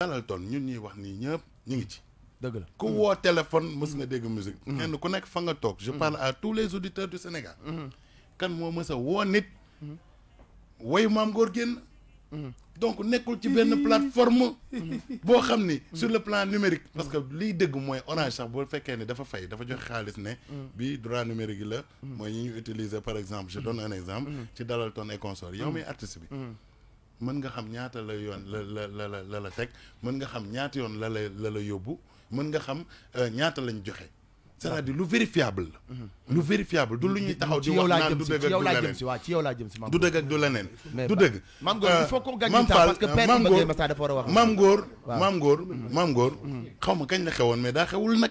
dalal toon ñun ñi wax ni ñëpp ñu ngi ci. deug la ku mm. wo téléphone mëss nga dégg musique. Mm. kenn ku nekk fa nga tok je mm. parle à tous les auditeurs du Sénégal. kan mo mës wo nit. way mam góor génn. donc nekkul ci benn plateforme. bo xam ni sur le plan numérique. parce que liy dëgg mooy orange sax boo fekkee ne dafa fay dafa jox xaalis ne. bi droit numérique la. mooy ñi ñu utiliser par exemple je donne un exemple. ci dalal toon et consort yow muy artiste bi. mën nga xam ñaata la yoon la la la la la la teg mën nga xam ñaata yoon la la la la yóbbu mën nga xam euh, ñaata lañ joxe. c'est-à-dire lu vérifiable la. Mhm. lu vérifiable du lu ñuy taxaw di wax naan du dëgg ak du leneen ci yow laa jëm si du dëgg ak du leneen. du dëgg. maam góor il faut qu'on gagne temps parce que père Maam Góor maam góor maam góor. maam góor xaw ma kañ la xewoon mais daa xewul nag.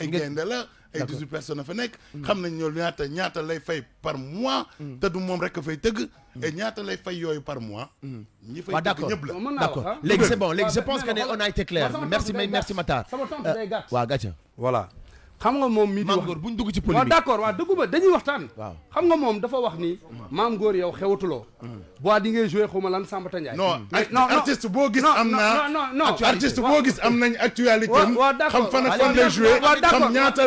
Et la et personnes qui Fenek, fait par mois mm. mm. et lay par mois mm. d'accord ah. c'est bon je pense qu'on a été clair merci merci Matar voilà xam nga moom mii di wax buñ dugg ci polémique waaw d'accord waaw dëggu ba dañuy waxtaan waaw xam nga moom dafa wax ni maam góor yow xewatuloo hmm. bois di ngay joué xaw ma lan Samba Tandiaye hmm. eh, non non artiste boo gis am na non non artiste boo gis am nañ actualité waaw d'accord xam lay joué xam ñaata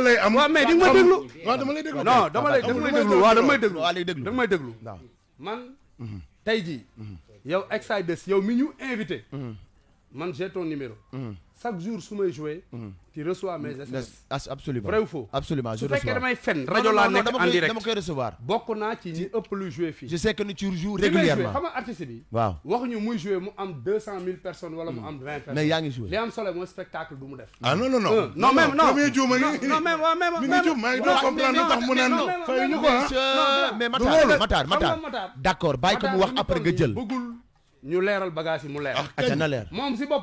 mais di nga ma déglu waaw dama lay déglu non dama lay dama lay déglu waaw dama may déglu waaw lay man mhm. tey jii mhm. yow Exides yow mi ñu invité mhm. man j'ai ton chaque jour su may joué. Mhm. tu reçois mes SMS. absolument vrai ou faux. absolument je reçois su fekkee damay fen rajo laa nekk en direct dama koy recevoir. bokk naa ci ñi ëpp luy joué fii. je sais que ni tu joues régulièrement xam nga artiste bi. waaw waxuñu muy joué mu am deux cent personnes wala mu mm. am vingt personnes. mais yaa ngi joué li am solo mooy spectacle bu mu def. ah non non non. non même non premier juuma ngi. non même même. mi ngi juum maa ngi comprendre lu tax mu naan fay ñu ko mais hein? Matar Matar Matar d'accord bàyyi ko mu wax après nga jël. bëggul ñu leeral bagage yi mu leer. ak ah, na leer si